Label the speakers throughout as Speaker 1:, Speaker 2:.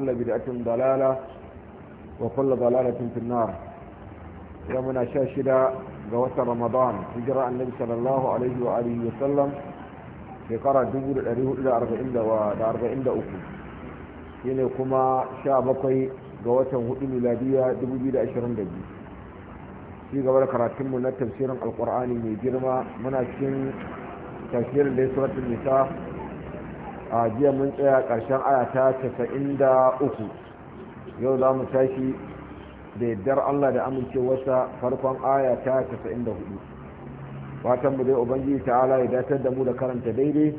Speaker 1: كل بدعة ضلالة وكل ضلالة في النار يومنا شاشدة قوات رمضان هجرة النبي صلى الله عليه وآله وسلم في قرى دبور الأريه إلى أربعين دا أربعين دا أكو هنا كما شابقي قوات هؤلاء ميلادية دبور دا أشرين دا في قبل كراتم من التفسير القرآني من جرمى مناشين تفسير لسورة النساء a jiya mun tsaya ƙarshen aya ta casa'in da uku yau za mu tashi da yardar allah da amincewarsa farkon aya ta casa'in da hudu fatan mu dai ubangiji ta'ala ya datar da mu da karanta daidai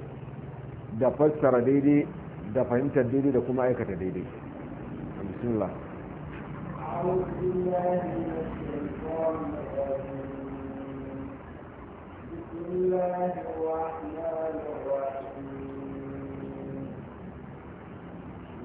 Speaker 1: da fassara daidai da fahimtar daidai da kuma aikata daidai bismillah
Speaker 2: بسم الله الرحمن الرحيم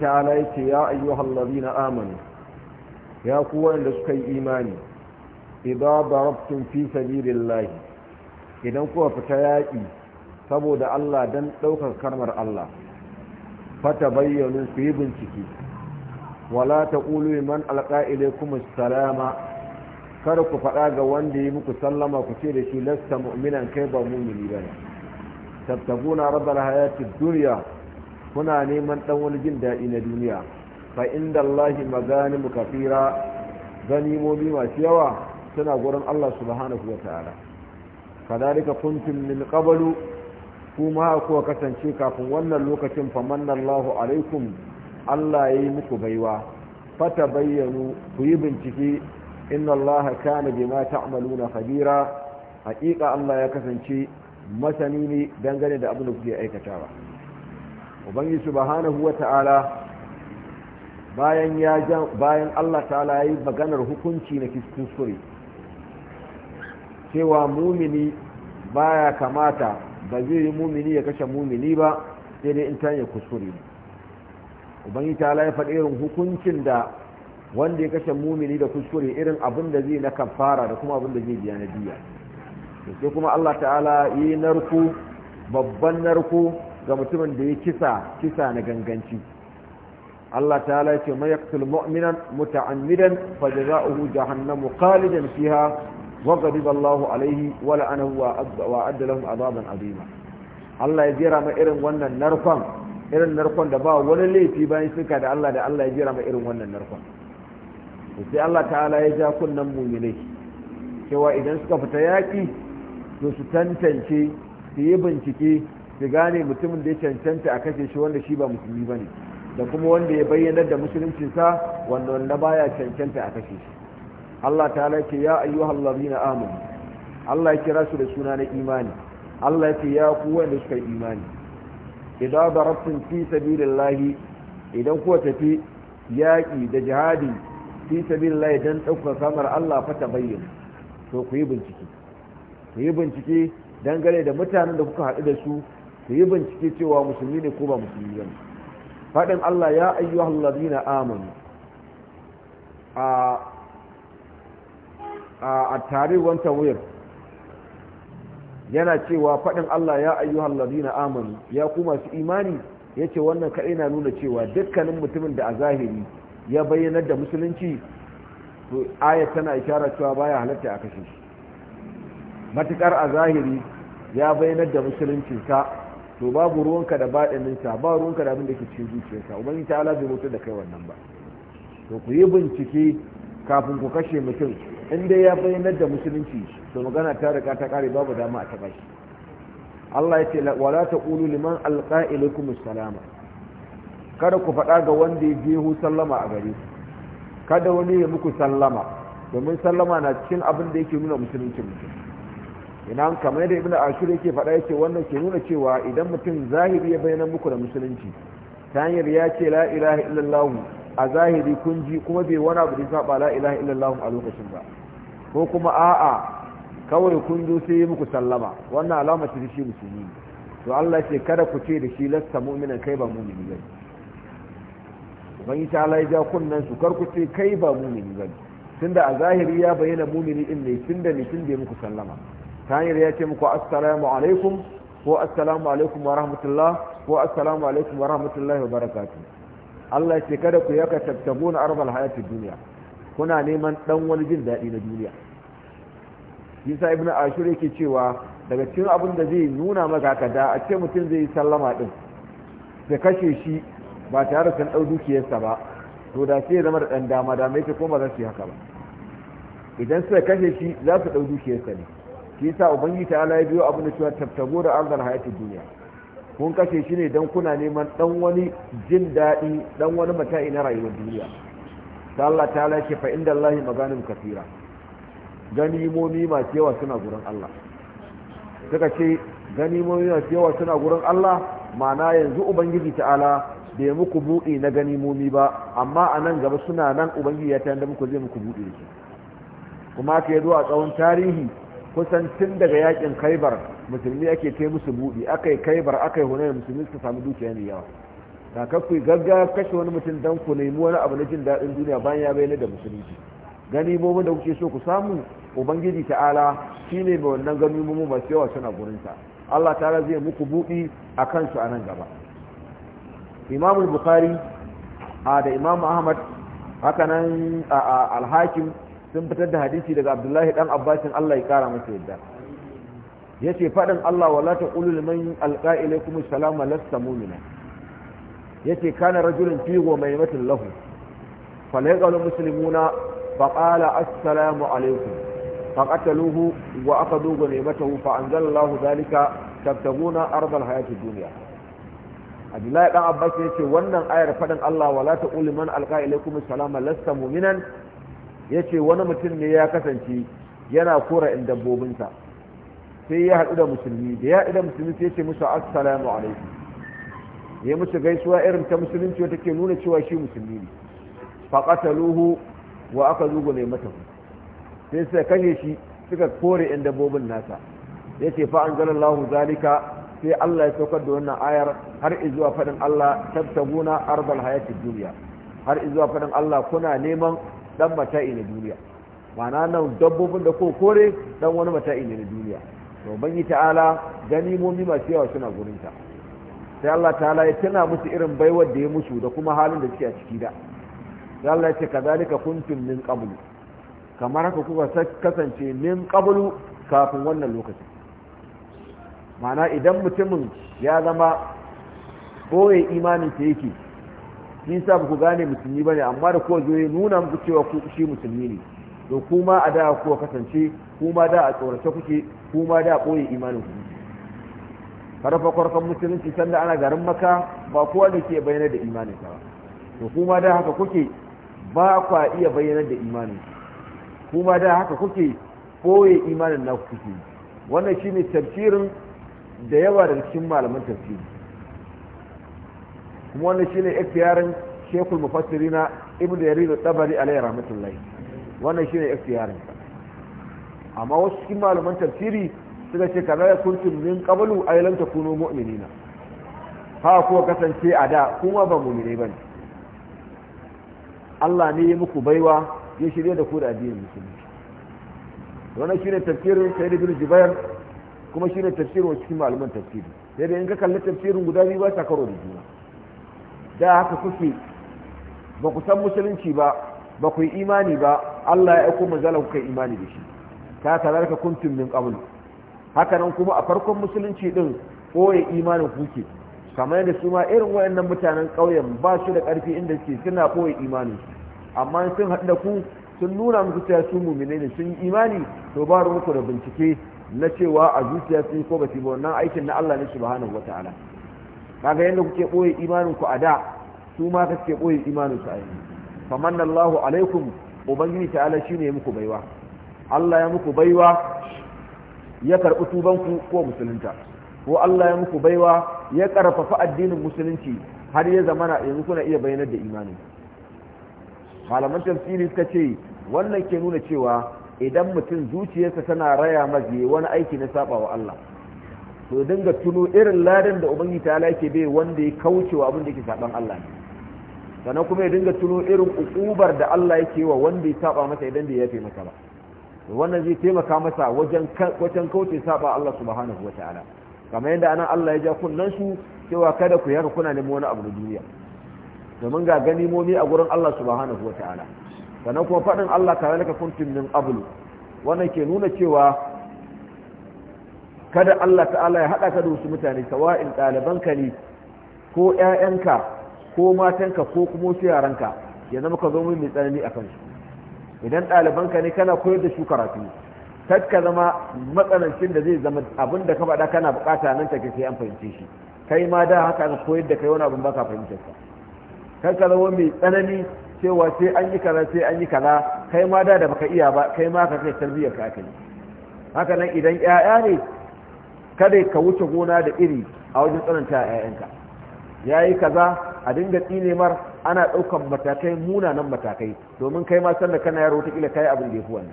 Speaker 1: ta'ala ya ya ayyuhal ladina amanu ya ku wanda suka yi imani idan darabtum fi sabilillahi idan kuka fita yaƙi saboda Allah dan ɗaukar karmar Allah fata bayyanu ku yi bincike wala taqulu man alqa ilaykum salama kar ku faɗa ga wanda yi muku sallama ku ce da shi lasta mu'minan kai ba mu'mini bane tabtaguna rabbal hayati dunya kuna neman dan wani jin daɗi na duniya fa inda Allahi magani mu kafira ganimomi masu yawa suna gurin Allah subhanahu wa ta'ala kadalika kuntum min qablu kuma kuwa kasance kafin wannan lokacin famanna Allahu alaikum Allah yayi muku baiwa fata bayyanu ku yi bincike inna Allah kana bima ta'maluna khabira haƙiƙa Allah ya kasance masani ne dangane da abin da kuke aikatawa ubangi subhanahu wata'ala bayan ya bayan Allah ta'ala yayi maganar hukunci na kuskure cewa mumini baya kamata ba zai yi mumini ya kashe mumini ba sai dai in ta yi kuskure ubangi ta'ala ya faɗi irin hukuncin da wanda ya kashe mumini da kuskure irin abin da zai na kafara da kuma abin da zai biya na biya sai kuma Allah ta'ala yi narko babban narko ga mutumin da ya kisa kisa na ganganci Allah ta'ala ya ce mai yaqtul mu'minan muta'ammidan fa jazaohu jahannamu khalidan fiha wa ghadiba Allahu alayhi wa la'anahu wa adda lahum azaban Allah ya jira mai irin wannan narkon irin narkon da ba wani laifi bayan suka da Allah da Allah ya jira mai irin wannan narkon sai Allah ta'ala ya ja kunnan mu'minai cewa idan suka fita yaki to su tantance su yi bincike su gane mutumin da ya cancanta a kashe shi wanda shi ba musulmi ba ne da kuma wanda ya bayyanar da musuluncinsa wanda wanda baya cancanta a kashe shi Allah ta ce ya ayyuhal ladina amanu Allah ya kira su da suna na imani Allah ya ce ya ku wanda suka imani idan darabtum fi sabilillahi idan kuwa tafi yaƙi da jihadi fi sabilillahi dan ɗaukar samar Allah fa ta bayyana to ku yi bincike ku yi bincike dangane da mutanen da kuka haɗu da su ku yi bincike cewa musulmi ne ko ba musulmi ba faɗin Allah ya ayyuhal ladina amanu a a wanta wuyar yana cewa faɗin Allah ya ayyuhal ladina amanu ya kuma su imani yace wannan kai na nuna cewa dukkanin mutumin da a zahiri ya bayyana da musulunci to aya tana ishara cewa baya halatta a kashe shi matukar a zahiri ya bayyana da musulunci ka to babu ruwanka da baɗininsa ba ruwanka da abin da ke cikin zuciyarsa ta ta'ala bai mutu da kai wannan ba to ku yi bincike kafin ku kashe mutum in dai ya bayyanar da musulunci to magana ta riga ta kare babu dama a taɓa shi Allah ya ce wala taqulu liman alqa ilaykum salama kada ku faɗa ga wanda ya je hu sallama a gare kada wani ya muku sallama domin sallama na cikin abin da yake nuna musulunci mutum ina kamar yadda ibn ashur yake faɗa yake wannan ke nuna cewa idan mutum zahiri ya bayyana muku da musulunci ta hanyar ya ce la ilaha illallah a zahiri kun ji kuma bai wani abu da saba la ilaha illallah a lokacin ba ko kuma a'a kawai kun zo sai muku sallama wannan alama ce shi musulmi to Allah ce kada ku ce da shi lasta mu'mina kai ba mu'mini ba ubangiji Allah ya ja kunnan su kar ku ce kai ba mu'mini ba tunda a zahiri ya bayyana mu'mini din ne tunda ne tunda muku sallama ta hanyar ya ce muku assalamu alaikum ko assalamu alaikum wa rahmatullah ko assalamu alaikum wa rahmatullahi wa barakatuh Allah ce kada ku yaka tabtabuna arbal hayati duniya kuna neman dan wani jin daɗi na duniya Isa ibn Ashur yake cewa daga cikin abin da zai nuna maka ka da a ce mutum zai yi sallama din da kashe shi ba tare da san dau dukiyarsa ba to da sai zama da dan dama da mai ko ba za su yi haka ba idan suka kashe shi za su dau dukiyarsa ne shi yasa ubangiji ta ala ya biyo abin da cewa tabtago da arzal hayati duniya kun kashe shi ne don kuna neman dan wani jin daɗi dan wani mata'i na rayuwar duniya ta Allah ta ala ke fa inda Allah maganin kafira ganimomi masu yawa suna gurin Allah suka ce ganimomi masu yawa suna gurin Allah ma'ana yanzu ubangiji ta'ala bai muku buɗe na ganimomi ba amma a nan gaba suna nan ubangiji ya ta yanda muku zai muku buɗe kuma ka yi a tsawon tarihi kusan tun daga yakin Kaibar, musulmi ake kai musu buɗi aka yi kaibar aka yi hunayen musulmi su sami dukiya mai yawa da kakwai gaggawa kashe wani mutum don ku nemi wani abu na jin daɗin duniya bayan ya bayyana da musulunci gani momin da kuke so ku samu ubangiji ta'ala shi ne mai wannan gani momin masu yawa suna gurinsa allah ta'ala zai muku buɗi a kansu a nan gaba imamul bukhari a da imam ahmad hakanan alhakim sun fitar da hadisi daga abdullahi dan abbasin allah ya kara masa yadda ya ce faɗin allah wa ta ƙulu liman alƙa'ile kuma salama lasta mumina ya ce kana rajulun figo mai matin lahu falaikal musulmuna faƙala assalamu alaikum faƙataluhu wa aka dogo ne mata hufa an zala lahu zalika tabtaguna arzal hayati duniya abdullahi dan abbas ya ce wannan ayar faɗin allah wa ta ƙulu liman alƙa'ile kuma salama lasta muminan ya ce wani mutum ne ya kasance yana kora in dabbobinsa sai ya haɗu da musulmi da ya haɗu da musulmi sai ce musu assalamu alaikum ya musu gaisuwa irin ta musulunci wata ke nuna cewa shi musulmi ne faƙataluhu wa aka ne mata sai suka kashe shi suka kore in dabbobin nasa ya ce an zalallahu zalika sai Allah ya saukar da wannan ayar har izuwa faɗin Allah tabtaguna arbal hayati duniya har izuwa faɗin Allah kuna neman dan mata'i na duniya ma'ana nan dabbobin da ko kore dan wani mata'i ne na duniya to bangi ta'ala gani ganimomi masu yawa suna gurinta sai Allah ta'ala ya tana musu irin baiwar da ya musu da kuma halin da suke a ciki da sai Allah ya ce kadalika kuntum min qabl kamar haka kuka kasance min qablu kafin wannan lokaci Mana idan mutumin ya zama boye imanin ta yake shi sa ku gane musulmi bane amma da kowa zai nuna muku cewa ku shi musulmi ne to kuma a da ku kasance kuma da a tsorace kuke kuma da koyi imanin ku farfa farkon musulunci sanda ana garin maka ba kowa da ke bayyana da imanin ka to kuma da haka kuke ba kwa iya bayyana da imanin kuma da haka kuke koyi imanin na kuke wannan shine tafsirin da yawa daga cikin malaman tafsiri kuma wannan shine ikhtiyarin shekul mufassirina ibnu yarid tabari alayhi rahmatullahi wannan shine ikhtiyarin amma wasu cikin malaman tafsiri suka ce kana ya kuntum min qablu ay lam takunu mu'minina ha kuwa kasance a da kuma ba mu'mine bane Allah ne ya muku baiwa ya shirye da ku da addinin musulunci wannan shine tafsirin sayyid ibn jubair kuma shine tafsirin wasu cikin malaman tafsiri sai dai in ka kalli tafsirin guda biyu ba ta karo da juna da haka kuke ba ku san musulunci ba ba ku yi imani ba Allah ya aiko manzala ku kai imani da shi ta ka kuntum min qabl haka nan kuma a farkon musulunci din koye imanin kuke kamar yadda su ma irin wayannan mutanen ƙauyen ba su da ƙarfi inda suke suna koye imanin amma sun haɗu da ku sun nuna muku cewa su mumine ne sun imani to ba muku da bincike na cewa a zuciya sun ko ba su wannan aikin na Allah ne subhanahu wataala kaga yadda kuke boye imanin ku a da su ma ka suke boye imanin su a yanzu famanna Allahu alaikum ubangiji ta'ala shine muku baiwa Allah ya muku baiwa ya karɓi tuban ku ko musulunta ko Allah ya muku baiwa ya karfafa addinin musulunci har ya zamana yanzu kuna iya bayanar da imani malaman tafsiri suka ce wannan ke nuna cewa idan mutum zuciyarsa tana raya maje wani aiki na saba wa Allah to dinga tuno irin ladan da ubangi ta yake bai wanda ya wa abin da yake saban Allah ne sannan kuma ya dinga tuno irin ukubar da Allah yake wa wanda ya saba masa idan ya yafe masa ba wannan zai taimaka masa wajen wajen kauce saba Allah subhanahu wataala kamar yadda anan Allah ya ja kunnan su cewa kada ku yaka kuna neman wani abu na duniya domin ga gani ganimomi a gurin Allah subhanahu wataala sannan kuma faɗin Allah ka kazalika kuntum min qablu wannan ke nuna cewa kada Allah ta'ala ya haɗa ka da wasu mutane sawa'in ka ne ko ƴaƴanka ko matanka ko kuma wasu yaranka ya zama ka zo mai tsanani a kansu idan ka ne kana koyar da su karatu kar ka zama matsanancin da zai zama abin da ka faɗa kana buƙata nan take sai an fahimce shi kai ma da haka ka koyar da kai wani abin baka ka kar ka zama mai tsanani cewa sai an yi kaza sai an yi kaza kai ma da da baka iya ba kai ma ka kai tarbiyyar ka aka yi haka nan idan ƴaƴa ne kada ka wuce gona da iri a wajen tsananta ƴaƴanka yayi kaza a dinga tsine mar ana ɗaukan matakai munanan matakai domin kai ma sanda kana yaro ta kila kai abin da yafi wannan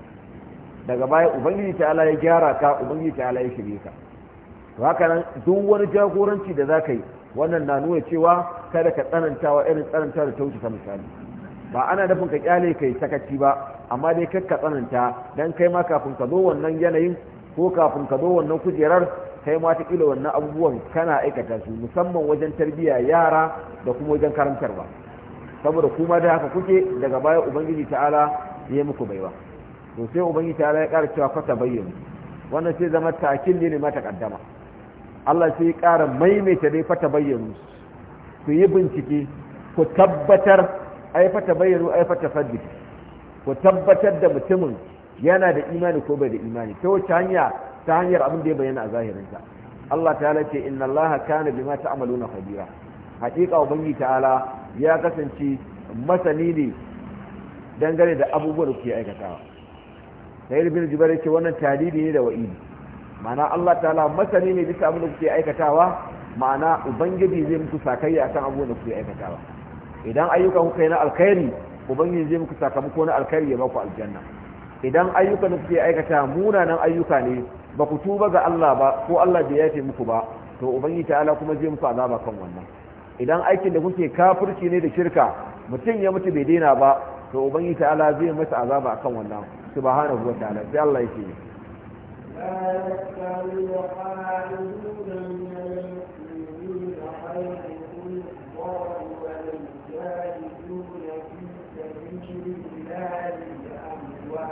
Speaker 1: daga baya ubangiji ta ala ya gyara ka ubangiji ta ala ya shirye ka to haka nan duk wani jagoranci da za ka yi wannan na nuna cewa kada ka tsanantawa irin tsananta da ta wuce ta misali ba ana dafin ka kyale kai yi sakaci ba amma dai kakka tsananta dan kai ma kafin ka zo wannan yanayin ko kafin ka zo wannan kujerar kai ma ta kila wannan abubuwan kana aikata su musamman wajen tarbiyya yara da kuma wajen karantarwa saboda kuma da haka kuke daga baya ubangiji ta'ala ya yi muku baiwa to sai ubangiji ta'ala ya ƙara cewa fata bayyana wannan sai zama takin ne mata kaddama Allah sai ya ƙara maimaita dai fata bayyana ku yi bincike ku tabbatar ai fata bayyana ai fata sabbit ku tabbatar da mutumin yana da imani ko bai da imani ta wace hanya ta hanyar abin da ya bayyana a zahirinsa Allah ta ce inna Allah kana bima ta'maluna khabira hakika ubangi ta'ala ya kasance masani ne dangane da abubuwan da kuke aikatawa sai bin jubair ce wannan talibi ne da wa'idi ma'ana Allah ta'ala masani ne bisa abin da kuke aikatawa ma'ana ubangiji zai muku sakayya akan abubuwan da kuke aikatawa idan ayyukan kuka kai na alkhairi ubangiji zai muku sakamako na alkhairi ya baku aljanna idan ayyukan da kuke aikata munanan ayyuka ne ba ku tuba ga Allah ba ko Allah bai yafe muku ba to ubangiji ta'ala kuma zai muku azaba kan wannan idan aikin da kuke kafirci ne da shirka mutum ya mutu bai daina ba to ubangiji ta'ala zai masa azaba akan wannan subhanahu wa ta'ala sai Allah yake
Speaker 2: Thank you.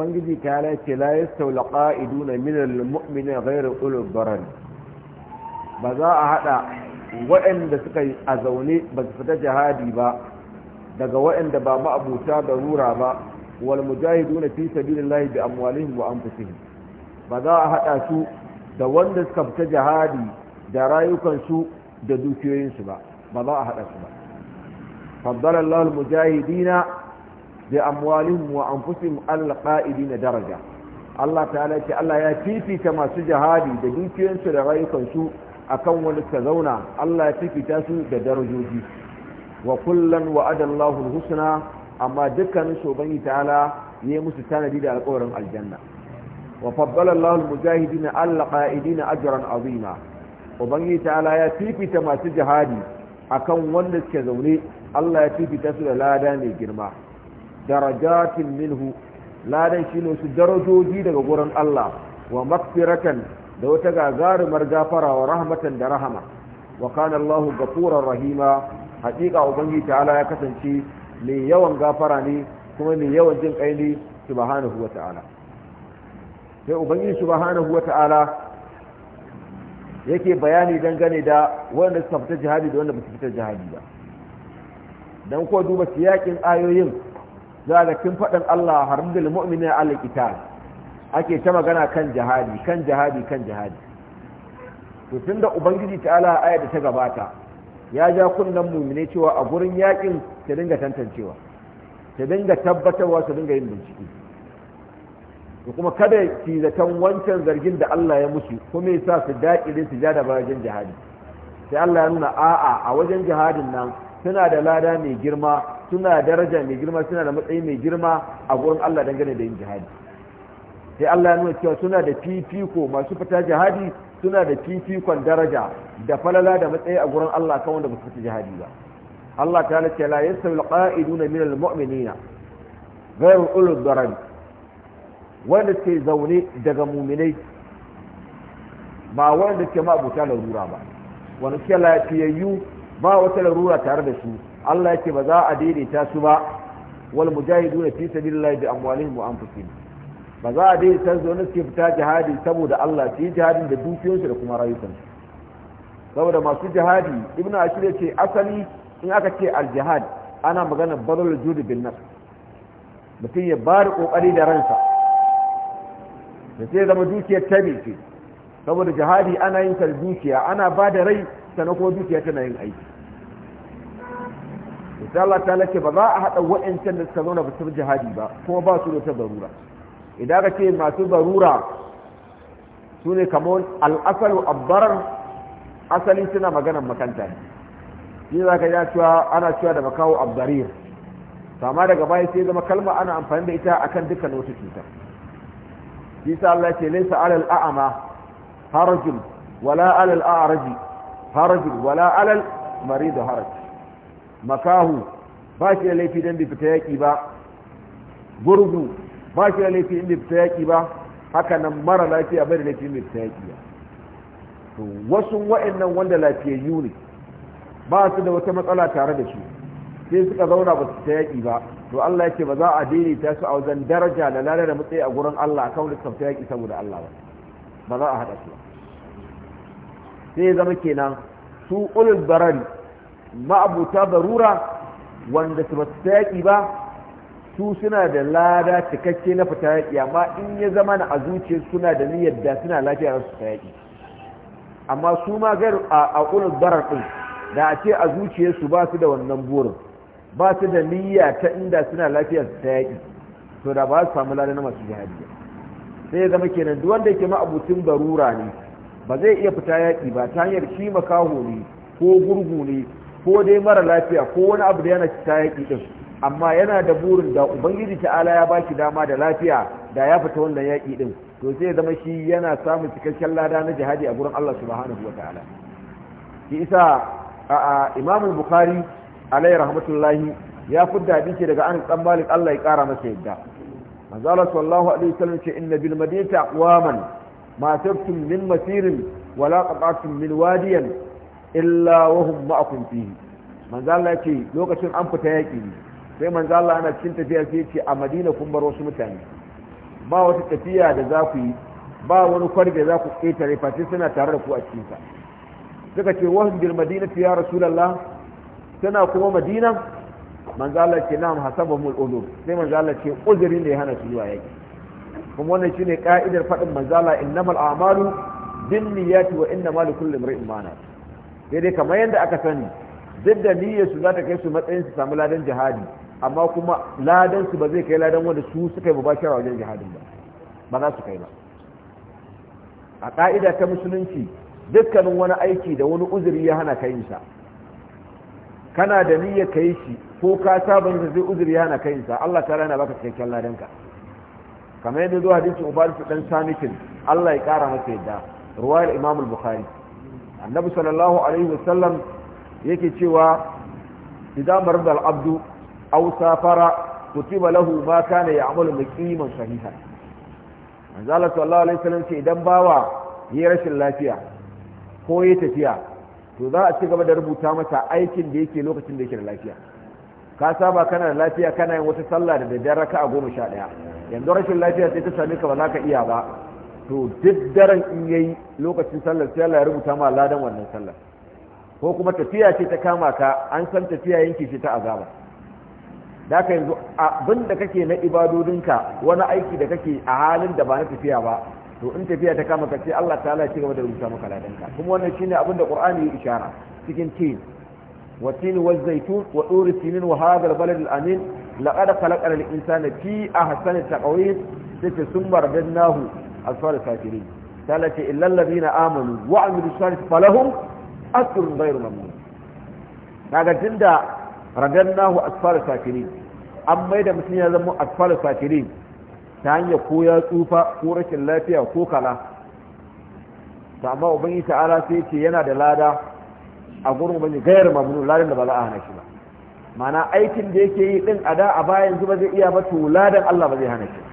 Speaker 1: ubangiji ta ce la yastaula qa'iduna min al-mu'mina ghayru ulul darar ba za a hada waɗanda suka yi a zaune ba su fita jihadi ba daga waɗanda ba ma'abuta da rura ba wal mujahiduna fi sabilillahi bi amwalihim wa anfusihim ba za a hada su da wanda suka fita jihadi da rayukan su da dukiyoyin su ba ba za a hada su ba faddala Allah al-mujahidina bi amwalihim wa anfusihim na daraja Allah ta'ala Allah ya fifita masu jihadi da dukiyansu da rayukansu akan wani ka zauna Allah ya fifita su da darajoji wa kullum wa'ada Allahul husna amma dukkanin su bangi ne musu tanadi da alƙawarin aljanna wa faddala Allahul Allah alla qa'idina ajran azima ubangi ta'ala ya fifita masu jihadi akan wanda suke zaune Allah ya fifita su da lada mai girma darajatin minhu ladan shi ne su darajoji daga gurin Allah wa magfiratan da wata gagarumar gafara wa rahmatan da rahama wa kana Allah gafurar rahima haƙiƙa ubangiji ta'ala ya kasance mai yawan gafara ne kuma mai yawan jin kai ne subhanahu wa sai ubangiji subhanahu wa yake bayani dangane da wanda suka fita jihadi da wanda ba su fita jihadi ba dan ko duba siyakin ayoyin za ga kin faɗin Allah harmdul mu'mina ala qital ake ta magana kan jihadi kan jihadi kan jihadi to tunda ubangiji ta'ala aya da ta gabata ya ja kunnan mu'mini cewa a gurin yakin ta dinga tantancewa ta dinga tabbatarwa ta dinga yin bincike to kuma kada ki zaton wancan zargin da Allah ya musu kuma yasa su daƙirin sujada bayan jihadi sai Allah ya nuna a'a a wajen jihadin nan suna da lada mai girma suna daraja mai girma suna da matsayi mai girma a gurin Allah dangane da yin jihadi sai Allah ya nuna cewa suna da fifiko masu fita jihadi suna da fifikon daraja da falala da matsayi a gurin Allah kan wanda ba fita jihadi ba Allah ta ce la yastawi alqa'iduna min almu'minina ghayru ulul darab wanda ke zaune daga muminai ba wanda ke ma abuta larura ba wanda ke lafiyayyu ba wata larura tare da su Allah yake ba za a daidaita su ba wal mujahiduna fi sabilillahi bi amwalihim wa anfusihim ba za a daidaita su suke fita jihadi saboda Allah su yi jihadin da dukiyoyinsu da kuma rayukansu saboda masu jihadi ibnu ashir yace asali in aka ce al jihad ana magana badal judi bin nafs mutum ya bari kokari da ransa da sai zama dukiyar tabi ce saboda jihadi ana yin sa dukiya ana ba da rai sanako kuma dukiya tana yin aiki sai Allah ta lace ba za a haɗa waɗancan da suka zauna ba su jihadi ba kuma ba su da ta barura idan aka ce masu barura su ne kamar al'asalu abbarar asali suna maganar makanta ne shi za ka ana cewa da makawo abdarir amma daga baya sai zama kalma ana amfani da ita akan dukkan wata cuta shi sa Allah ce laysa alal a'ama harajun wala alal a'raji harajun wala alal marid haraj makahu ba shi da laifi don bi fita yaƙi ba gurgu ba shi da laifi in bi fita yaƙi ba hakanan mara lafiya bai da laifi in bi fita yaƙi ba to wasu wa'annan wanda lafiyayyu ne ba su da wata matsala tare da su sai suka zauna ba su fita yaƙi ba to Allah ya ce ba za a daidaita su a wajen daraja da lalata da matsayi a gurin Allah a kawai su fita yaƙi saboda Allah ba ba za a haɗa su sai ya zama kenan su ulul barari ma'abuta barura wanda su basu ta yaƙi ba su suna da lada cikakke na fita yaƙi amma in ya zama na a zuciya suna da niyyar da suna lafiya su ta yaƙi amma su ma gar a ƙunar barar ɗin da a ce a zuciyarsu ba su da wannan burin ba su da niyya ta inda suna lafiya su ta yaƙi to da ba su samu lada na masu jihadi sai ya zama kenan duk wanda yake ma'abutin barura ne ba zai iya fita yaƙi ba ta hanyar shi makaho ne ko gurgu ne ko dai mara lafiya ko wani abu da yana ya yaƙi ɗin. amma yana da burin da ubangiji ta'ala ya baki dama da lafiya da ya fita wannan yaƙi ɗin. to sai zama shi yana samun cikakken lada na jihadi a gurin Allah subhanahu wa ta'ala shi isa a imam bukhari alayhi rahmatullahi ya daɗi ce daga an dan malik Allah ya kara masa yadda manzala sallallahu alaihi wasallam ce inna bil madinati aqwaman ma tabtum min masirin wala qata'tum min wadiyan illa hum ma'akum fihi manzo Allah lokacin an fita yaki sai manzo Allah ana cikin tafiya sai ce a Madina kun bar wasu mutane ba wata tafiya da za ku yi ba wani kwarge za ku ƙetare face suna tare da ku a cikin ka suka ce wahum bil madinati ya rasulullah tana kuma madina manzo Allah ce na'am hasabahum al sai manzo Allah ce uzuri ne hana su zuwa yaki kuma wannan shine ka'idar fadin manzo Allah innamal a'malu binniyati wa innamal kullu imrin ma'ana sai dai kamar yadda aka sani duk da niyyar su za ta kai su matsayin su samu ladan jihadi amma kuma ladan su ba zai kai ladan wanda su suka yi mubashara wajen jihadin ba ba za su kai ba a ka'ida ta musulunci dukkanin wani aiki da wani uzuri ya hana kayin sa kana da niyyar ka yi shi ko ka saba da zai uzuri ya hana kayin sa Allah ta rana baka cikakken ladan ka kamar yadda zuwa hadisin ubadu dan samikin Allah ya kara masa yadda ruwayar imamul bukhari annabi sallallahu alaihi wasallam yake cewa idan marda al'abdu abdu aw safara kutiba lahu ma kana ya'malu muqiman sahiha manzo sallallahu alaihi wasallam ce idan bawa yayi rashin lafiya ko yayi tafiya to za a ci gaba da rubuta masa aikin da yake lokacin da yake da lafiya ka saba kana da lafiya kana yin wata sallah da daddare a goma sha ɗaya yanzu rashin lafiya sai ta sami ka ba za ka iya ba to duk daren in yayi lokacin sallar sai Allah ya rubuta ma ladan wannan sallar ko kuma tafiya ce ta kama ka an san tafiya yanke shi ta azaba da ka yanzu abinda kake na ibadodinka wani aiki da kake a halin da ba na tafiya ba to in tafiya ta kama ka ce Allah ta ya ci gaba da rubuta maka ladanka kuma wannan shine abin da Qur'ani ya ishara cikin tin wa tin wa zaitun wa dur sinin wa hadha al-balad al-amin laqad khalaqna al-insana fi ahsani taqwim sai summa radadnahu asfar kafirin tala ce illal ladina amanu wa amilu salihati falahum asrun ghayru mamnun kaga tunda radannahu asfar kafirin an mai da mutum ya zama asfar kafirin ta hanyar ko ya tsufa ko rashin lafiya ko kala to amma ubangiji ta'ala sai ce yana da lada a gurin ubangiji gayar mamnun ladan da ba za a hana shi ba mana aikin da yake yi din a da a bayan zuba zai iya ba to ladan Allah ba zai hana shi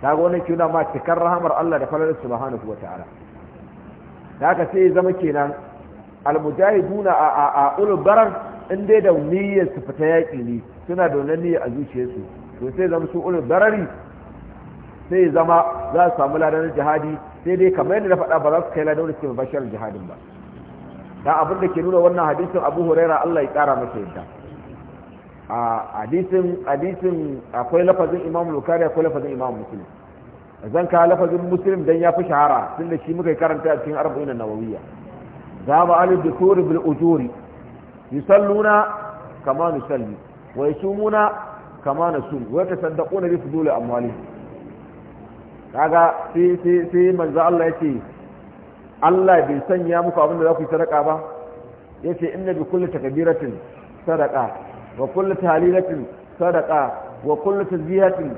Speaker 1: kaga wannan ke ma cikar rahamar Allah da falalar subhanahu wa ta'ala da haka sai zama kenan almujahiduna a a a ulbaran in dai da niyyar su fita yaƙi ne suna da wannan niyyar a zuciyarsu to sai zama su ulbarari sai zama za su samu ladan jihadi sai dai kamar yadda na faɗa ba za su kai ladan da jihadin ba da abin da ke nuna wannan hadisin abu huraira Allah ya ƙara masa yadda a hadisin hadisin akwai lafazin imam bukari akwai lafazin imam muslim zan ka lafazin muslim dan ya fi shahara tun da shi muka karanta a cikin arba'in nawawiyya za mu ali dukuri bil ujuri yusalluna kama nusalli wa yasumuna kama nasum wa yatasaddaquna bi fuduli amwalihim kaga sai sai sai manzo Allah yace Allah bai sanya muku abin da za ku yi sadaka ba yace inna bi kulli takbiratin sadaqa wa kullu tahlilatin sadaqa wa kullu tazbihatin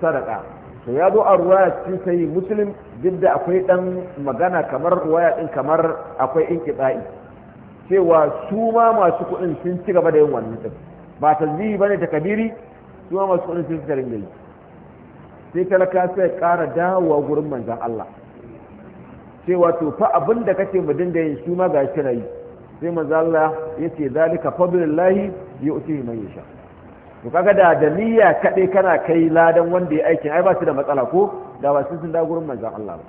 Speaker 1: sadaqa to ya zo a ruwaya cikin sai muslim duk da akwai dan magana kamar ruwaya din kamar akwai inqita'i cewa su ma masu kuɗin sun ci gaba da yin wannan din ba tasbihi bane kabiri su ma masu kuɗin sun ci gaba da yi sai talaka sai ƙara dawowa gurin manzon Allah cewa to fa abin da kake mu dinga yin su ma ga shi na yi sai manzon Allah yace zalika fadlullahi yu'ti man yasha to kaga da daliya kaɗai kana kai ladan wanda ya aikin ai ba su da matsala ko da ba sun da gurin manzon Allah ba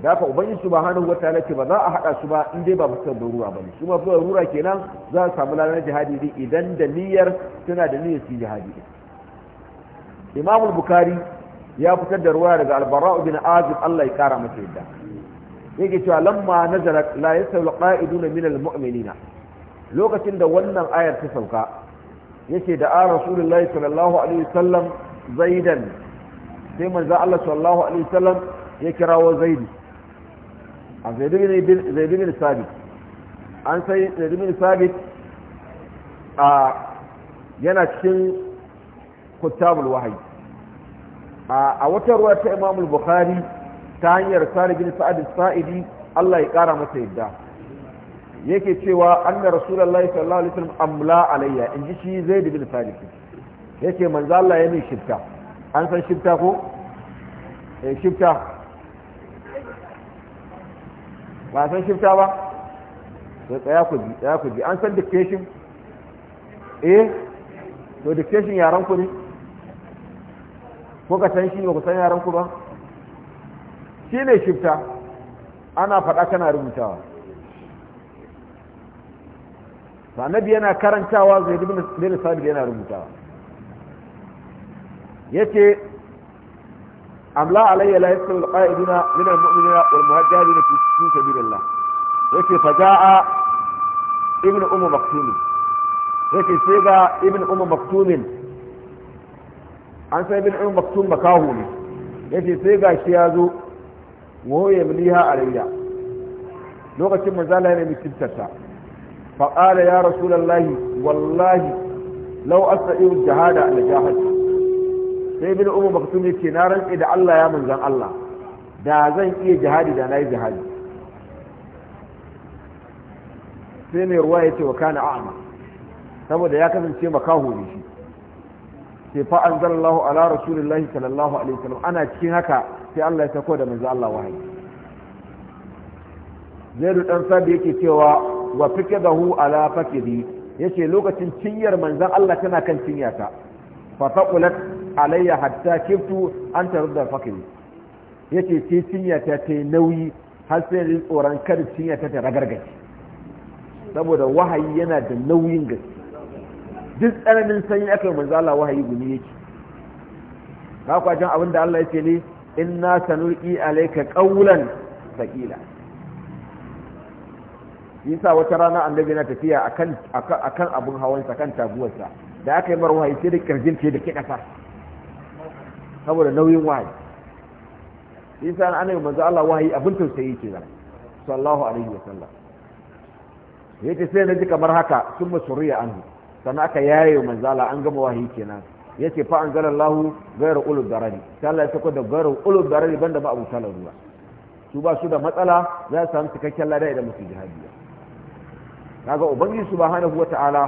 Speaker 1: da fa ubangi subhanahu wataala ce ba za a hada su ba in dai ba musu da ruwa ba su ma fa ruwa kenan za a samu ladan jihadi din idan da niyyar suna da niyyar su jihadi din Imam al-Bukhari ya fitar da ruwa daga Al-Bara ibn Azib Allah ya kara masa yadda yake cewa lamma nazara la yasalu qa'idun min al-mu'minina lokacin da wannan ayar ta sauka yake da a rasulullahi sallallahu alaihi sallam zaidan sai manzo Allah sallallahu alaihi sallam ya kirawo zaidi a zaidu bin zaidu bin sabit an sai zaidu bin sabit a yana cikin kuttabul wahayi a wata ruwa ta imamul bukhari ta hanyar sa'id bin sa'id sa'idi Allah ya kara masa yadda yake cewa anna rasulullahi sallallahu alaihi wasallam amla alayya in ji shi zaid bin sabit yake manzo Allah ya min shifta an san shifta ko eh shifta ba san shifta ba to tsaya ku ji tsaya ku ji an san dictation eh to dictation yaran ku ne ko ka san shi ba ku san yaran ku ba shine shifta ana faɗa kana rubutawa to annabi yana karantawa zaid bin sadi yana rubutawa yace amla alayya la yasul qa'iduna min almu'minina wal muhajirin fi sabilillah yace faja'a ibn ummu maktum yace sai ga ibn ummu umm maktum an sai ibn ummu maktum makahu ne yace sai ga shi ya zo wa huwa yamliha alayya lokacin manzala yana mutuntarta فقال يا رسول الله والله لو أستطيع الجهاد لجاهد sai bin umar maktum ya ce na rantse da Allah ya manzan Allah da zan iya jihadi da na yi jihadi sai mai ruwa ya ce wa kana a'ama saboda ya kasance makaho ne shi sai fa anzalallahu ala rasulillahi sallallahu alaihi wasallam ana cikin haka sai Allah ya sako da manzo Allah wahayi zai dan sabi yake cewa wa fikadahu ala fakidi yace lokacin cinyar manzan Allah tana kan cinyata fa taqulat alayya hatta kiftu an tarda fakidi yace ce cinyata ta nauyi har sai rin tsoron kar cinyata ta ragargaje saboda wahayi yana da nauyin gaske duk tsananin sanyi aka manzan Allah wahayi gumi yake ka kwajin abin da Allah yake ne inna sanulqi alayka qawlan thaqila yasa wata rana annabi na tafiya akan akan abun hawansa kan taguwarsa da aka yi mar wahayi sai da kirjin ce da kidasa saboda nauyin wahayi yasa an annabi manzo Allah wahayi abin tausayi ke zan sallallahu alaihi wa sallam yace sai na ji kamar haka sun musuriya an sannan aka yaye manzo Allah an gama wahayi kenan yace fa anzalallahu ghayra ulul darari sallallahu alaihi ya sako da ghayra ulul darari banda ba abu talar ruwa su ba su da matsala za su samu cikakken lada idan musu jihadi kaga ubangiji subhanahu wata'ala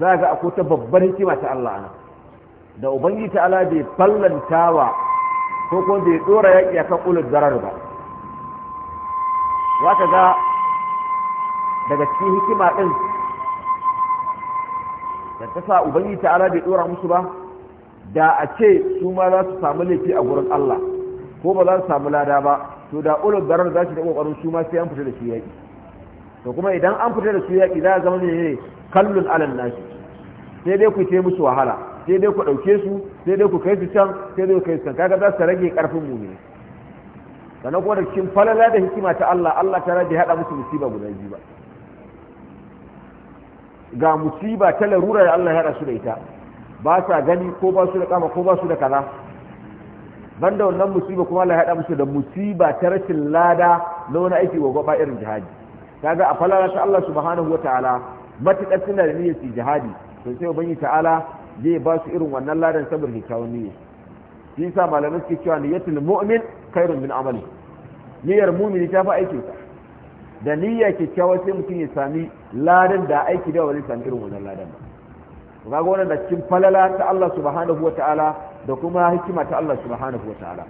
Speaker 1: za ga akwai ta babbar hikima ta Allah ana da ubangiji ta'ala bai ballantawa ko ko bai dora yaki akan ulul zarar ba zaka ga daga cikin hikima din da ta sa ubangiji ta'ala bai dora musu ba da a ce su ma za su samu laifi a gurin Allah ko ba za su samu lada ba to da ulul zarar za su da kokarin su ma sai an fita da shi yaki to kuma idan an fita da su yaƙi za a zama ne kallon alan nashi sai dai ku ce musu wahala sai dai ku ɗauke su sai dai ku kai su can sai dai ku kai su can kaga za su rage ƙarfin mu ne sannan kuma da cikin falala da hikima ta Allah Allah ta rage haɗa musu musiba guda biyu ba ga musiba ta larura da Allah ya haɗa su da ita ba sa gani ko ba su da kama ko ba su da kaza banda wannan musiba kuma Allah ya haɗa musu da musiba ta rashin lada na wani aiki gwagwaba irin jihadi kaga a falala ta Allah subhanahu wa ta'ala matuƙar suna da niyyar su jihadi to sai ubangi ta'ala zai ba su irin wannan ladan saboda kyakkyawan niyyar. shi yasa malamai suke cewa niyyatul mu'min khairun min amali niyyar mu'mini ta fa aikin sa da niyya kyakkyawa sai mutum ya sami ladan da aiki da wani sami irin wannan ladan ba kaga wannan da cikin falala ta Allah subhanahu wa ta'ala da kuma hikima ta Allah subhanahu wa ta'ala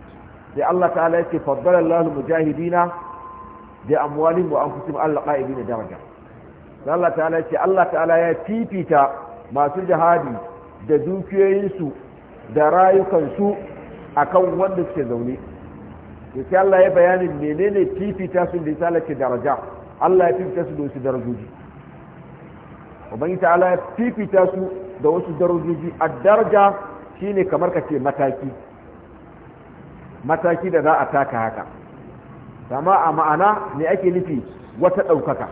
Speaker 1: sai Allah ta'ala yake faddala Allahu mujahidina da amwalin wa anfusihim Allah qa'ibin daraja Allah ta'ala ya ce Allah ta'ala ya fifita masu jihadi da dukiyoyinsu da rayukansu akan wanda suke zaune sai Allah ya bayani menene fifita su da Allah daraja Allah ya fifita su da wasu darajoji ubangi ta'ala ya fifita su da wasu darajoji a daraja shine kamar ka ce mataki mataki da za a taka haka kama a ma'ana ne ake nufi wata ɗaukaka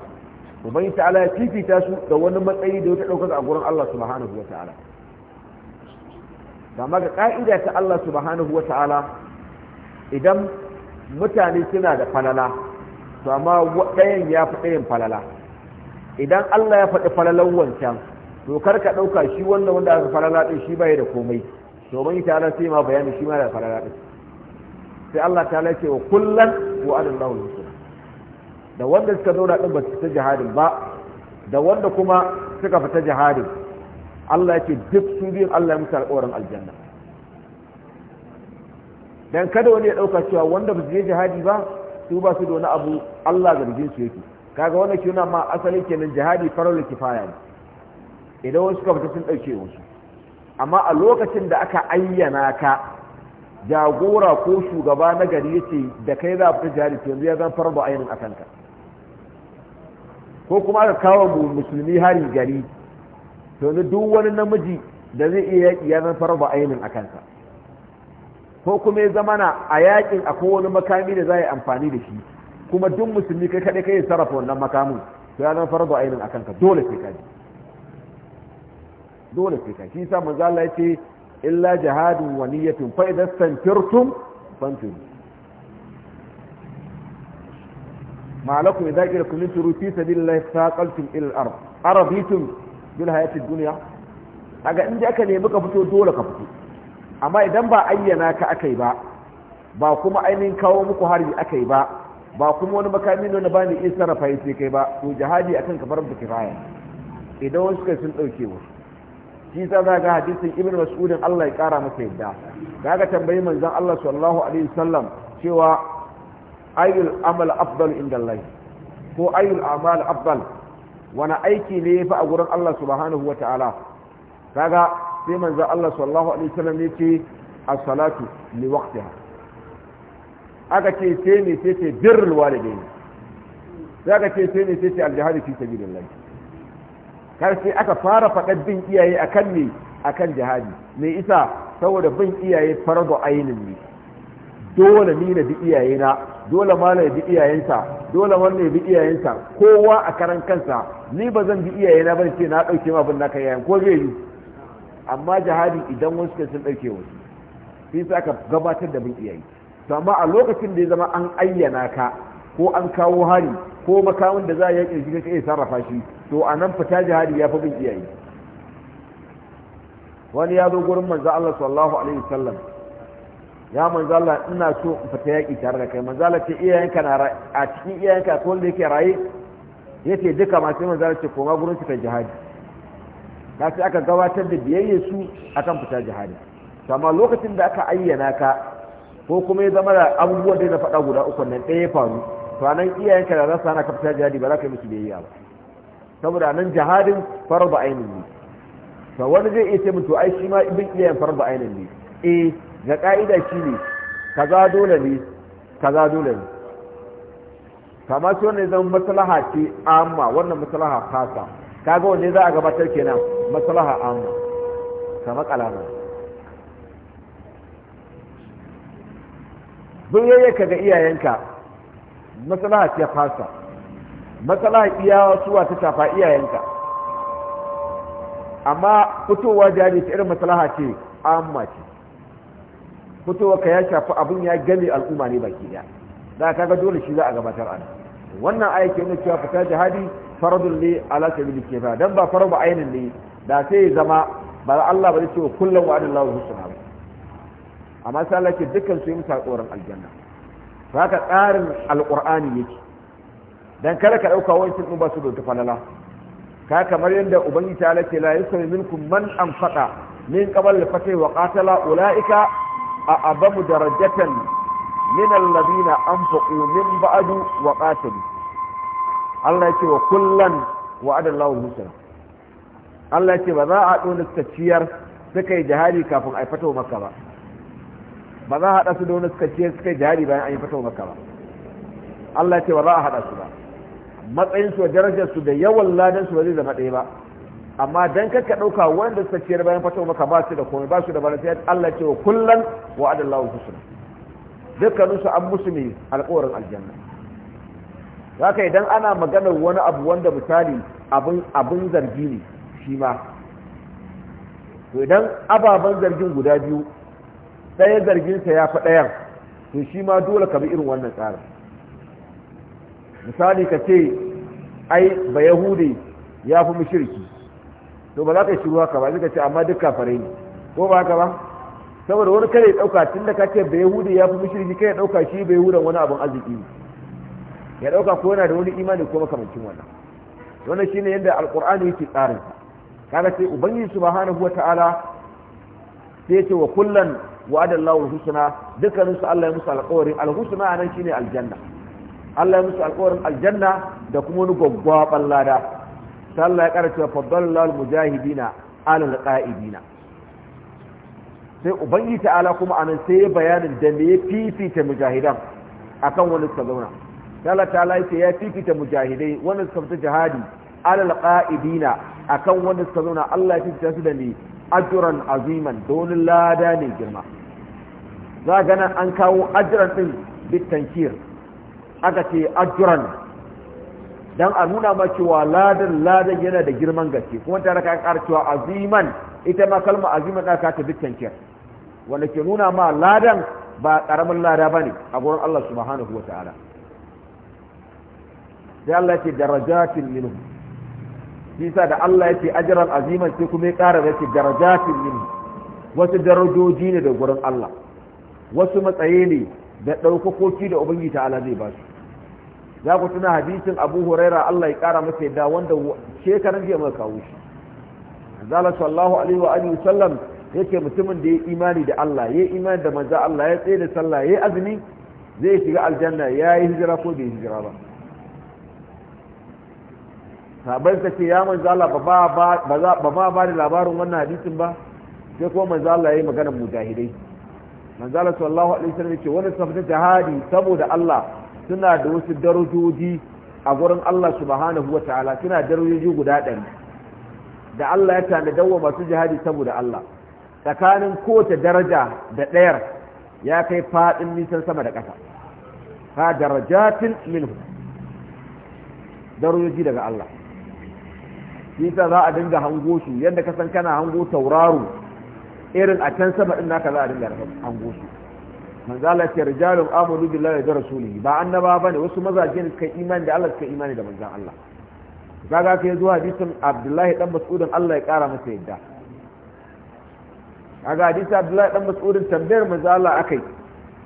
Speaker 1: ta ta'ala ya fifita su da wani matsayi da wata ɗaukaka a gurin Allah subhanahu wa ta'ala kama ga ka'ida ta Allah subhanahu wa ta'ala idan mutane suna da falala to amma ɗayan ya fi ɗayan falala idan Allah ya faɗi falalan wancan to kar ka ɗauka shi wanda wanda aka falala ɗin shi baya da komai to ban yi tare sai ma bayani shi ma da falala ɗin sai Allah ta lace wa kullan wa adin al da wanda suka zauna din ba su fita jihadin ba da wanda kuma suka fita jihadin Allah ya ce duk su biyun Allah ya musu alƙawarin aljanna dan kada wani ya dauka cewa wanda ba su je jihadi ba su ba su da wani abu Allah zargin su yake kaga wannan ke nuna ma asali kenan jihadi da kifaya ne idan wasu suka fita sun dauke wasu amma a lokacin da aka ayyana ka jagora ko shugaba na gari ya ce da kai za a fita jihadi yanzu ya zan farba ainihin a kanka ko kuma aka kawo musulmi hari gari yanzu duk wani namiji da zai iya yaƙi ya zan farba ainihin a kanka ko kuma ya zama na a yaƙin a wani makami da za a yi amfani da shi kuma duk musulmi kai kaɗai kai sarrafa wannan makamin to ya zan farba ainihin a kanka dole sai ka dole sai ka shi sa manzo Allah ya ce illa jihadin wa niyyatun fa idza stanfirtum fanfiru ma lakum idza qila fi sabilillahi saqaltum ila al bil hayati dunya kaga inda aka nemi ka fito dole ka fito amma idan ba ayyana ka yi ba ba kuma ainihin kawo muku aka yi ba ba kuma wani makami ne ba ni in sarrafa yace kai ba to jihadi akan kafar da kifaya idan wasu kai sun ɗauke wasu shi ta za ga hadisin ibn mas'udin Allah ya kara masa yadda da aka tambayi manzon Allah sallallahu alaihi wasallam cewa ayyul amal afdal inda Allah ko ayyul amal afdal wani aiki ne fa a gurin Allah subhanahu wa ta'ala ga sai manzon Allah sallallahu alaihi wasallam ya ce as-salatu li waqtiha aka ce sai ne sai ce birrul walidain aka ce sai ne sai ce al-jihad fi sabilillah har sai aka fara faɗar bin iyaye akan ne akan jihadi me isa saboda bin iyaye fardu ainin ne dole ni na bi iyayena dole ma na bi iyayensa dole wannan ya bi iyayensa kowa a karan kansa ni ba zan bi iyayena ba ce na ɗauke ma bin naka yayan ko zai yi amma jihadi idan wasu ke sun ɗauke wasu sai sa aka gabatar da bin iyaye to amma a lokacin da ya zama an ayyana ka ko an kawo hari ko makamin da za a yi shi ka sarrafa shi to a nan fita jihadi ya fi bin iyaye wani ya zo gurin manzo Allah sallallahu alaihi wasallam ya manzo Allah ina so in fita yaƙi tare da kai manzo Allah ce iyayenka na a cikin iyayenka ko wanda yake raye yace duka ma sai manzo Allah ce koma gurin fita jihadi ka sai aka gabatar da biyayye su akan fita jihadi amma lokacin da aka ayyana ka ko kuma ya zama da abubuwan da na faɗa guda uku nan ɗaya ya faru to anan iyayenka da za su hana ka fita jihadi ba za ka yi musu biyayya ba saboda nan jihadin farba ainin ne ta wani zai iya ce mutu ai shi ma ibn iyayen farba ainin ne eh ga ka'ida shi ne kaza dole ne kaza dole ne kama shi wannan zan maslaha ce amma wannan maslaha kasa kaga wanne za a gabatar kenan maslaha amma kama kalama duk yayyanka ga iyayenka maslaha ce fasa matsala iya suwa ta shafa iyayenka amma fitowa jari ta irin matsalaha ce amma ce fitowa ka ya shafi abin ya gani al'umma ne baki ɗaya, da ka ga dole shi za a gabatar ana wannan aiki wani cewa fita jihadi faradun ne ala ke yi dan ba farabu ainin ne da sai zama ba Allah ba cewa ce kullum wa adallahu husna ba amma sai Allah ke dukkan su yi musa tsoron aljanna haka tsarin alqur'ani yake dan kada ka dauka wancan din ba su da falala ka kamar yadda ubangi ta lace la yusri minkum man anfaqa min qabl al-fatih wa qatala ulaika a abamu darajatan min alladhina anfaqu min ba'du wa qatalu Allah yake wa kullan wa adallahu al-husna Allah yake ba za a dona suka ciyar suka yi jihari kafin a fito maka ba ba za a hada su da wani suka ciyar suka yi jihari bayan an yi fito maka ba Allah yake ba za a hada su ba matsayinsu da darajarsu da yawan ladansu ba zai zama ɗaya ba amma dan kaka ɗauka wanda suka ciyar bayan fatawa maka ba su da komai ba su da bana sai Allah ce wa kullan wa adallahu husna dukkaninsu an musu ne alƙawarin aljanna haka idan ana maganar wani abu wanda misali abin abin zargi ne shi ma to idan ababen zargin guda biyu ɗaya zarginsa ya fi ɗayan to shi ma dole ka bi irin wannan tsarin misali ka ce ai ba yahudi ya fi mushirki to ba za ka shiru haka ba zai ka ce amma duk kafare ne ko ba haka ba saboda wani kare dauka tun da ka ce ba yahudi ya fi mushirki kai ya dauka shi ba yahudan wani abun arziki ne ya dauka ko yana da wani imani ko makamancin wannan wannan shine yadda alqur'ani yake tsarin kaga sai ubangiji subhanahu wataala sai ya ce wa kullan wa'adallahu husna dukkanin su Allah ya musu alƙawarin alhusna anan shine aljanna Allah ya musu alƙawarin aljanna da kuma wani gwaggwaban lada sai Allah ya ƙara cewa faddalal mujahidina alal qa'idina sai ubangiji ta'ala kuma anan sai ya bayanin da me ya fifita mujahidan akan wani suka zauna Allah ta'ala ya ya fifita mujahidai wani suka fita jihadi alal qa'idina akan wani suka zauna Allah ya fifita su da me ajran aziman da wani lada ne girma za a nan an kawo ajran din bitankir aka ce ajuran don a nuna ma cewa ladan ladan yana da girman gaske kuma ta raka kar cewa aziman ita ma kalma aziman ɗaka ta bittankiyar wanda ke nuna ma ladan ba ƙaramin lada ba ne a gurin Allah subhanahu wa ta'ala sai Allah ce darajatin minhu shi sa da Allah ya ce ajran aziman sai kuma ya ƙara ya ce darajatin minhu wasu darajoji ne da gurin Allah wasu matsayi ne da ɗaukakoki da ubangiji ta'ala zai ba su za ku tuna hadisin abu huraira allah ya kara masa yadda wanda shekaran jiya muka kawo shi zala sallahu alaihi wa alihi sallam yake mutumin da ya imani da allah ya imani da manzo allah ya tsaye da sallah ya azumi zai shiga aljanna ya yi hijira ko bai hijira ba sabai ka ce ya manzo allah ba ba da labarin wannan hadisin ba sai kuma manzo allah ya yi maganar mujahidai manzo allah sallallahu alaihi wasallam ya ce wani sabbin jihadi saboda allah suna da wasu darajoji a gurin Allah subhanahu wataala suna darajoji guda ɗari da Allah ya tana dawa masu jihadi saboda Allah tsakanin kowace daraja da ɗayar ya kai faɗin nisan sama da ƙasa ha darajatin minhu darajoji daga Allah nisa za a dinga hango shi yadda ka san kana hango tauraro irin a can sama ɗin naka za a dinga hango shi manzala ce rijalun amanu billahi da rasulihi ba annaba bane wasu mazaje ne suka imani da Allah suka imani da manzon Allah kaga kai zuwa hadisin Abdullahi dan Mas'udin Allah ya kara masa yadda kaga hadisin Abdullahi dan Mas'udin tambayar manzon Allah akai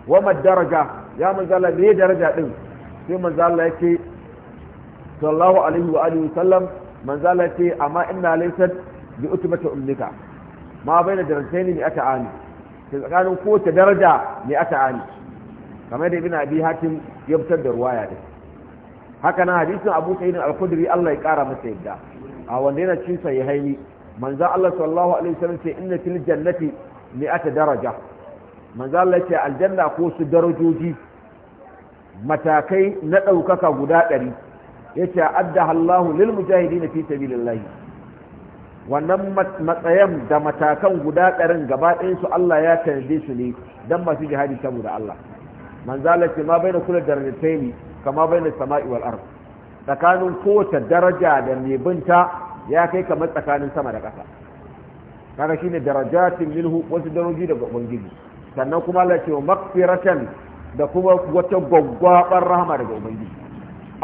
Speaker 1: wa mad daraja ya manzala Allah me daraja din sai manzon Allah yake sallallahu alaihi wa alihi wasallam manzon Allah yake amma inna laysat bi utbati ummika ma baina darajatayn mi ata'ani ce tsakanin kowace daraja ne aka ani kamar da ibn abi hatim ya fitar da ruwaya din haka nan hadisin abu sa'id al-khudri Allah ya kara masa yadda a wanda yana cin sai haini manzo Allah sallallahu alaihi wasallam ce inna fil jannati mi'ata daraja manzo Allah ce aljanna ko su darajoji matakai na ɗaukaka guda ɗari ya ce adda Allahu lil mujahidin fi sabilillah wannan matsayan da matakan guda ɗarin gaba su Allah ya tanade su ne don masu jihadi saboda Allah manzala ce ma bai na kula da ne kama na sama'i wal ard tsakanin kowace daraja da nebinta ya kai kamar tsakanin sama da ƙasa kaga shine darajatin minhu wasu da daga ubangiji sannan kuma Allah ce maghfiratan da kuma wata gwaggwabar rahama daga ubangiji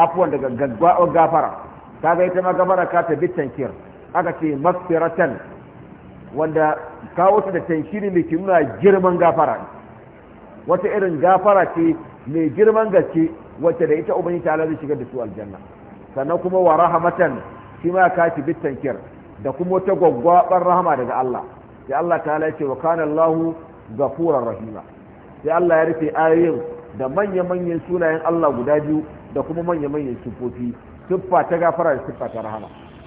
Speaker 1: afwan daga gaggwa gafara kaga ita ma gafara ka ta bitan kiyar aka ce mafiratan wanda kawo ta da tanshiri mai ke nuna girman gafara wata irin gafara ce mai girman gaske wacce da ita ubangiji ta zai shigar da su aljanna sannan kuma wa rahamatan shi ma ka ci bit tankir da kuma wata gwaggwabar rahama daga Allah sai Allah ta ya ce wa kana Allah gafurar rahima sai Allah ya rufe ayoyin da manya-manyan sunayen Allah guda biyu da kuma manya-manyan sufofi siffa ta gafara da siffa ta rahama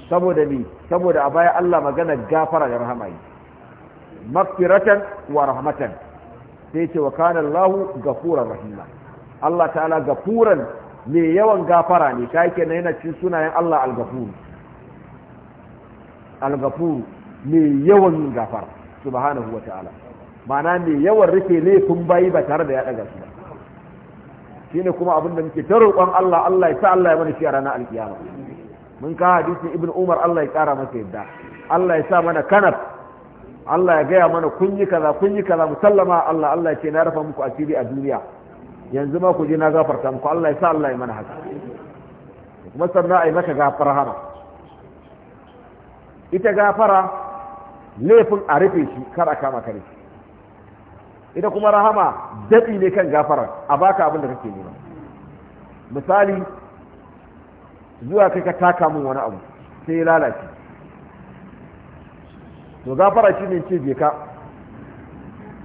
Speaker 1: saboda mi saboda a baya Allah magana gafara da rahama yi magfiratan wa rahmatan sai ce wa kana Allah gafuran rahima Allah ta'ala gafuran mai yawan gafara ne kai kenan yana cin sunayen Allah al-gafur al-gafur mai yawan gafara subhanahu wa ta'ala ma'ana mai yawan rike laifin bayi ba tare da ya daga su shine kuma abin da muke ta roƙon Allah Allah ya sa Allah ya mana shi a ranar alkiyama mun ka hadisin ibn umar Allah ya kara masa yadda Allah ya sa mana kanaf Allah ya gaya mana kun yi kaza kun yi kaza musallama Allah Allah ya ce na rafa muku asiri a duniya yanzu ma ku je na gafarta muku Allah ya sa Allah ya mana haka kuma sannan a yi maka gafara hama ita gafara laifin a rufe shi kar a kama kare ita kuma rahama daɗi ne kan gafara a baka abin da kake nema misali zuwa kai ka taka min wani abu sai ya lalace to gafara shi ne in ce je ka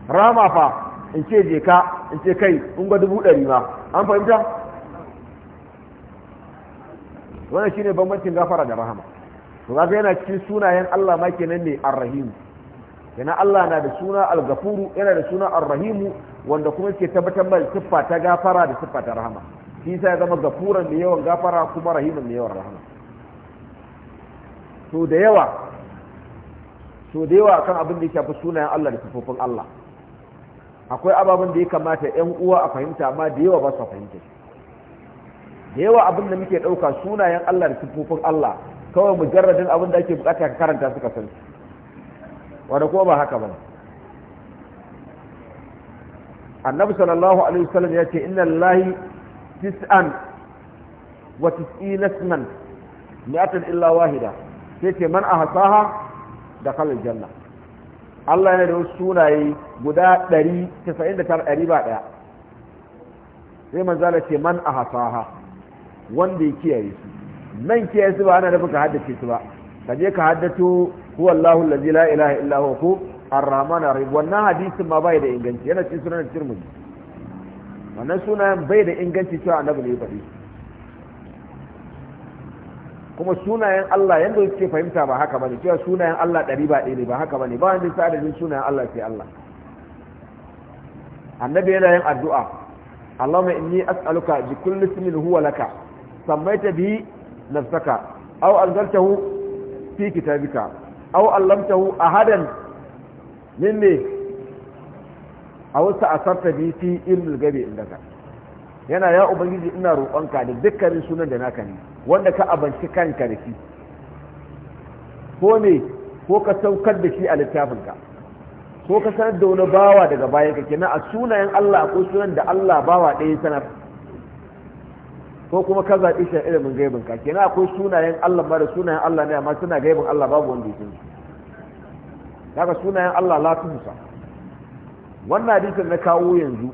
Speaker 1: rama fa in ce je ka in ce kai in ga dubu ɗari ma an fahimta wannan shine bambancin gafara da rahama to ga yana cikin sunayen Allah ma kenan ne arrahim rahim kenan Allah na da suna al gafuru yana da suna ar-rahimu wanda kuma ke tabbatar da siffa ta gafara da siffa ta rahama shi sai zama gafuran da yawan gafara kuma rahiman da yawan rahama so da yawa so da yawa kan abin da ya shafi sunayen Allah da sifofin Allah akwai ababen da ya kamata yan uwa a fahimta amma da yawa ba su fahimta da yawa abin da muke ɗauka sunayen Allah da sifofin Allah kawai mujarradin abin da ake bukata ka karanta suka san wanda kuma ba haka ba annabi sallallahu alaihi wasallam ya ce inna lillahi tis'an wa tis'ina isman mi'atan illa wahida sai ce man ahsaha dakhala janna Allah yana da wasu sunaye guda 199 ba daya sai manzala ce man ahsaha wanda ya kiyaye su nan kiyaye su ba ana da ka haddace su ba kaje ka haddato huwa Allahu allazi la ilaha illa huwa ar-rahman ar-rahim wannan hadisin ma bai da inganci yana cikin sunan Tirmidhi wannan sunayen bai da inganci cewa annabi ne bari kuma sunayen Allah yanda suke fahimta ba haka bane cewa sunayen Allah ɗari ba ɗaya ne ba haka bane ba wanda sa adadin sunayen Allah sai Allah annabi yana yin addu'a Allahumma inni as'aluka bi kulli ismin huwa laka sammaita bi nafsaka aw anzaltahu fi kitabika aw allamtahu ahadan minni a wasu asarta bi fi ilmul gabe daga yana ya ubangiji ina roƙonka da dukkanin sunan da naka ne wanda ka abanci kanka da shi ko ne ko ka saukar da shi a littafinka ko ka sanar da wani bawa daga bayan ka kenan a sunayen Allah akwai sunan da Allah bawa ɗaya sanar ko kuma ka zaɓi shi ilimin gaibin ka kenan akwai sunayen Allah ba da sunayen Allah ne amma suna gaibin Allah babu wanda ya sani daga sunayen Allah la tuhusa wannan hadisin na kawo yanzu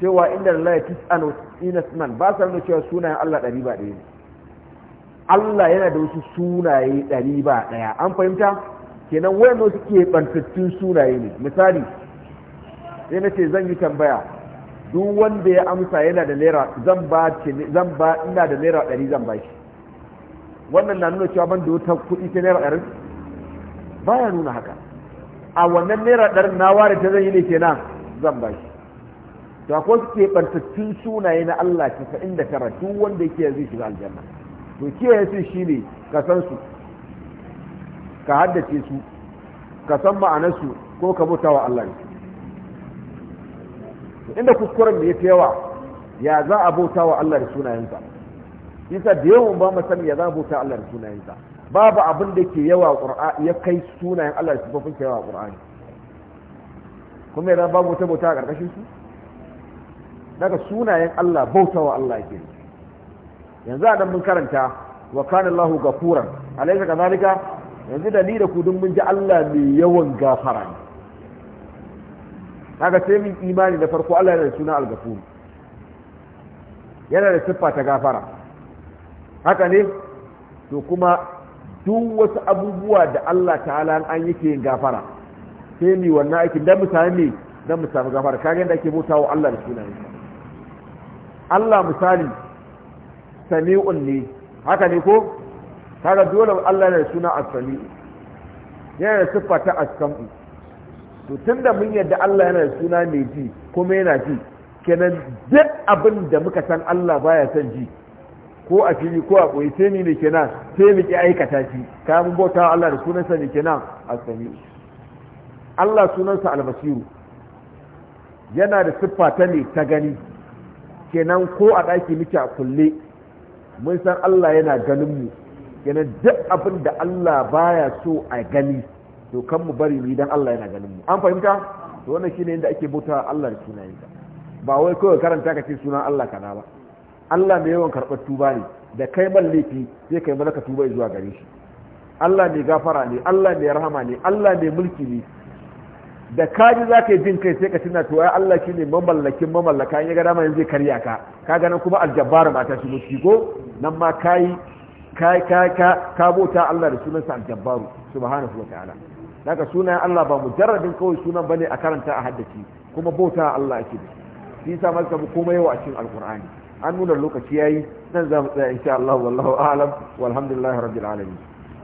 Speaker 1: cewa inda lillahi tis'anu inasman ba sa nuna cewa sunayen Allah ɗari ba ɗaya ne Allah yana da wasu sunaye ɗari ba ɗaya an fahimta kenan wayannan suke bantattun sunaye ne misali sai na ce zan yi tambaya duk wanda ya amsa yana da naira zan ba zan ba ina da naira ɗari zan ba shi wannan na nuna cewa ban da wata kuɗi ta naira ɗari baya nuna haka a wannan naira ɗarin na ware ta zan yi ne kenan zan ba shi to akwai su keɓantattun sunaye na Allah casa'in da tara duk wanda yake zai shiga aljanna to kiyaye su shi ne ka san su ka haddace su ka san ma'anarsu ko ka muta wa Allah ne inda kuskuren da ya fi yawa ya za a bauta wa Allah da sunayensa isa da yawan ba mu san ya za a bauta Allah da sunayensa babu abin da ke yawa ƙura ya kai sunayen Allah da sifofin yawa ne. kuma yana babu wata bauta a ƙarƙashin su daga sunayen Allah bautawa Allah ke yanzu a nan mun karanta wa ga Allahu ghafuran alaysa kadhalika yanzu da ni da ku dun mun ji Allah mai yawan gafara ne daga sai min imani da farko Allah yana da suna al yana da siffa ta gafara haka ne to kuma duk wasu abubuwa da Allah ta'ala an yake yin gafara sai mi wannan aiki dan mu sami dan mu sami gafara kage da ake bauta wa Allah da sunan Allah misali sami'un ne haka ne ko kaga dole Allah yana da suna as yana da siffa ta as-sam'u to tunda mun yadda Allah yana da suna mai ji kuma yana ji kenan duk abin da muka san Allah baya san ji ko a fili ko a koyi sai ne ne nan sai mu ki aikata shi ta mun bauta Allah da sunansa ne kenan a sami Allah sunansa Albasiru yana da siffa ta ne ta gani kenan ko a daki muke a kulle mun san Allah yana ganin mu kenan duk abin da Allah baya so a gani to kan mu bari mu dan Allah yana ganin mu an fahimta to wannan shine inda ake bauta Allah da sunayensa ba wai kawai karanta ka ce sunan Allah kaza ba Allah mai yawan karɓar tuba ne da kai man laifi zai kai malaka tuba zuwa gare shi Allah mai gafara ne Allah mai rahama ne Allah mai mulki ne da ka ji za ka yi jin kai sai ka tuna to Allah shi ne mamallakin mamallaka in ya ga dama zai karya ka ka ganin kuma aljabbar mata su mutu ko nan ma kai kai kai ka ka bota Allah da sunansa aljabbaru subhanahu wa ta'ala daga sunan Allah ba mujarradin kawai sunan bane a karanta a haddaci kuma bota Allah yake da shi yasa malaka komai yawa a cikin alqur'ani an nuna lokaci yayi nan za mu tsaya insha Allah wallahu a'lam walhamdulillahi rabbil alamin